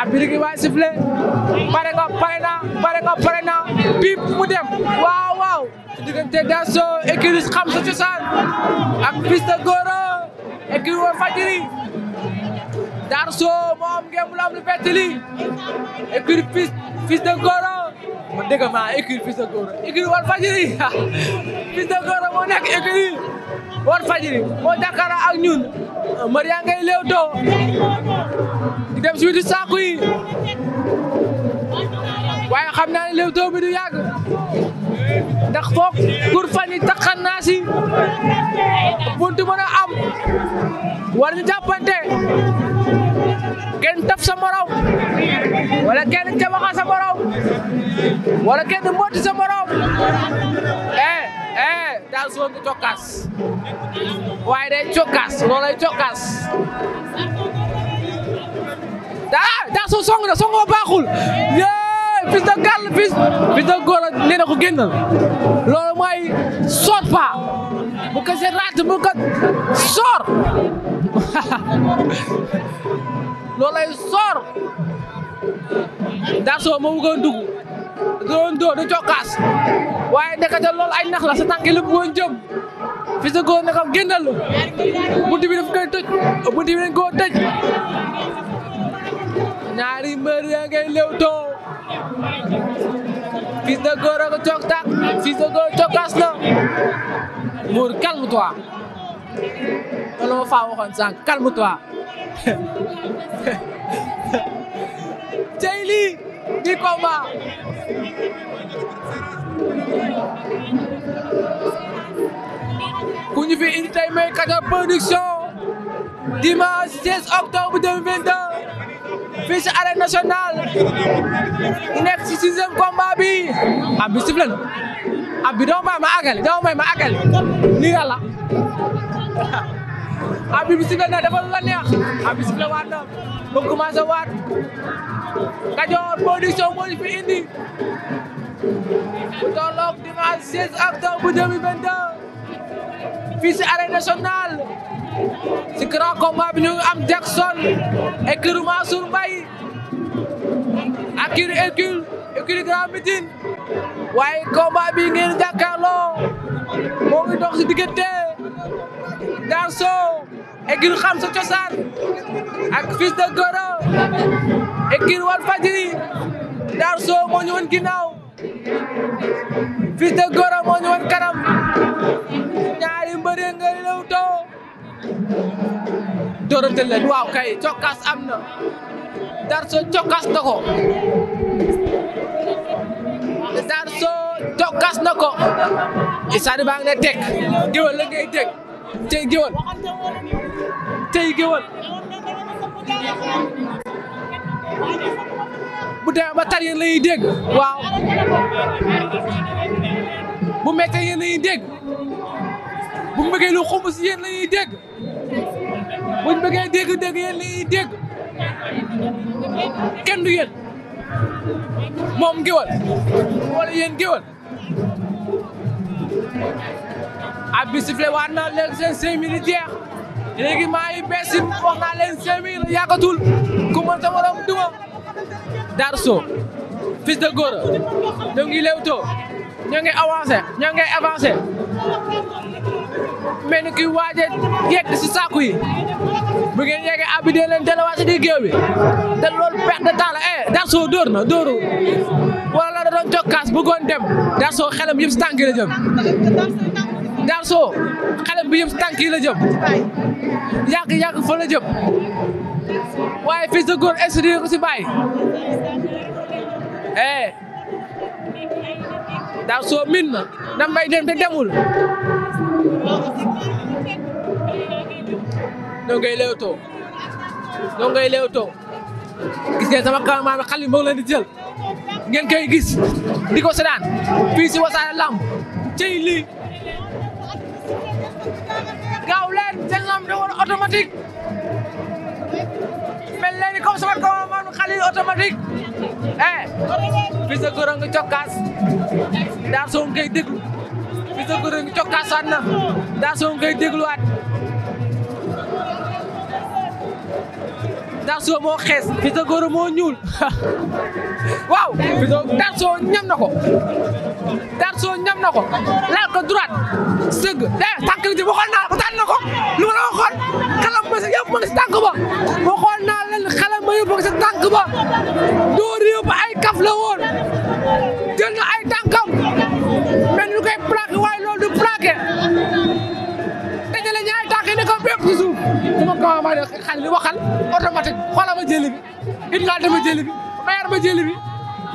arbitre bi waay sifflé pare nga pare na pare nga pare na pip mu dem waaw waaw diggante Dasso écurie xam sa cosaan ak Fils de Gora écurie wa Fadjiri Dasso moo am mu am lu bett li écurie Fils Fils de Gora man dégg naa écurie Fils nekk écurie Walfadjri moo jàkkaarloo ak ñun mbër yaa ngay léewtoo di dem si witu saaku yi waaye xam naa ne léewtoo bi du yàgg ndax foog pour fan yi taxan naa si buntu mën a am war ñu jàppante kenn taf sa morom wala kenn jabaxa sa morom wala kenn mbotti sa morom daal soon waaye day cokkaas loolay cokkaas daa ah, soo song na songoo baaxul yee Fils de Galla Fils Fils de Gora génnal loolu mooy soot pa bu ko raat bu soor loolay soor daa soo ma bëggoon dugg doon doo du cokkaas waaye ndekete loolu ay nax la sa tànk yi lépp woon jëm fi sa góor génnal buntu bi daf koy tëj buntu bi dañ koo tëj ñaari mbër yaa ngay léewtoo Fils de Góor a ko cok tak Fils de Góor cokkaas na Mour calme toi loolu ma faa waxoon sànq calme toi cey lii du combat. ku ñu fi indi tey mooy Cadior production dimanche 16 octobre 2022 fii ci arène nationale ñu nekk ci sixième combat bi ab bi siflen ab bi doo may ma àggale doo may ma àggale lii yàlla abi bi na defal la neex abi sifflé waat na ba commencé waat Kajoor production moo ñu indi bu tolloog dimanche 16 octobre bu 2022 fii si arène nationale si grand bi ñu am Jackson écurie Mansour Mbaye ak écurie Hercule écurie Grand Médine bi ngeen jàkkaarloo moo ngi si diggante Ganso écurie xam sa cosaan ak fils de Gora écurie Walfadjri Ganso moo ñu woon ginnaaw fils de Gora moo ñu kanam ñaari mbër yi nga lew too dóorante leen kay cokkaas am na Ganso cokkaas na ko Ganso na ko isaani baa ngi ne teg diwal la ngay teg tey géwal tey géwal bu demee ba tar yéen la ñuy dégg waaw bu méttee yéen la ñuy dégg bu bëggee lu xumb si yéen la ñuy dégg buñ bëggee dégg-dégg yéen la ñuy moom géwal wala yéen géwal ab bi sifflé waat na leen seen cinq minutes jeex léegi maa ngi bees wax naa leen cinq minutes yàggatul ku mën sa duma Darou Sow fils de Gora ñoo ngi lewtoo ñoo ngi avancé ñoo ngi avancé mel ni kuy waaj a si sàkku yi bu ngeen yeggee abi dee leen delluwaat si di géew bi te loolu perte de temps la eh Darou dóor na dóoru wala la doon jokkaas bugoon dem Darou Sow xelam yëpp si tànk jëm Daar soo xale bi yëpp tànk yi la jëm yàgg yàgg waaye fils de Góor institut si bàyyi eh Daar soo na da mbay dem te demul noo ngay gis ngeen sama cameraman bi xale di jël ngeen koy gis di ko seetaan fii si Wassare Lamb gaaw leen seen lamb da war automatique mel leen ni comme sama kaw man Khalil automatique eh Fils de Gora cokkaas daa soo ngay déglu Fils de Gora cokkaas waat na daa soo ngay dégluwaat Darso moo xees Fils de moo ñuul waaw Darso ñam na ko soo ñam na ko laal ko droite sëgg eh tànk bi waxoon naa waxtaan na ko lu ma la waxoon xelam ma si yëpp ma ba waxoon naa leen xelam ma yëpp ma ngi ba dóor yëpp ay kaf la woon jël na ay tànkam mel ni koy plaqué waaye loolu du plaqué dajale ñaari tànk yi ne ko bépp ci suuf su ma ko ma ne xal li waxal automatique xoolal ma jëli bi it ngaa dama jëli bi ma jëli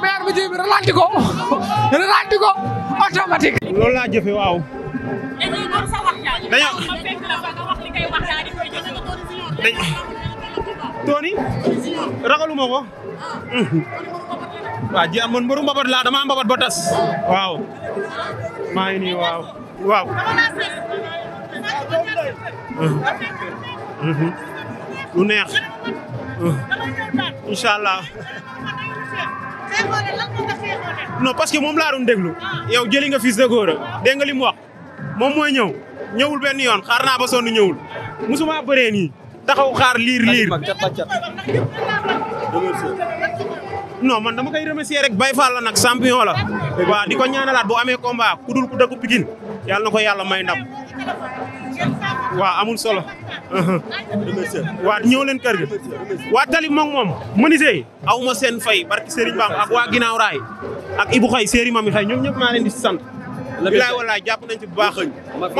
ma jëli bi ralanti ko ralanti ko automatique. loolu laa jëfee waaw. tooni ragaluma ko. waaw ji am man mbaru mbabat laa dama mbabat ba waaw. maa waaw. waaw. Mhm. Mhm. lu neex. Mhm. no parce que moom laa doon déglu. yow jëli nga fils de Gora dégg nga li mu wax moom mooy ñëw ñëwul benn yoon xaar naa ba soon sonn ñëwul musuma bëree nii taxaw xaar liir liir. non man dama koy remercier rek Baye Fall la nag champion la. waaw di ko ñaanalaat bu amee combat ku dul ku dëkku Pikine yàlla na ko yàlla may ndam. waaw amul solo. waa ñëw leen kër gi waa tali moom moom menuisier yi aw ma seen fay barki Serigne Bamba ak waa ginnaaw raay ak Ibou Xay Serigne Mami Xay ñoom ñëpp maa leen di sant bilaay walaay jàpp nañ ci bu baax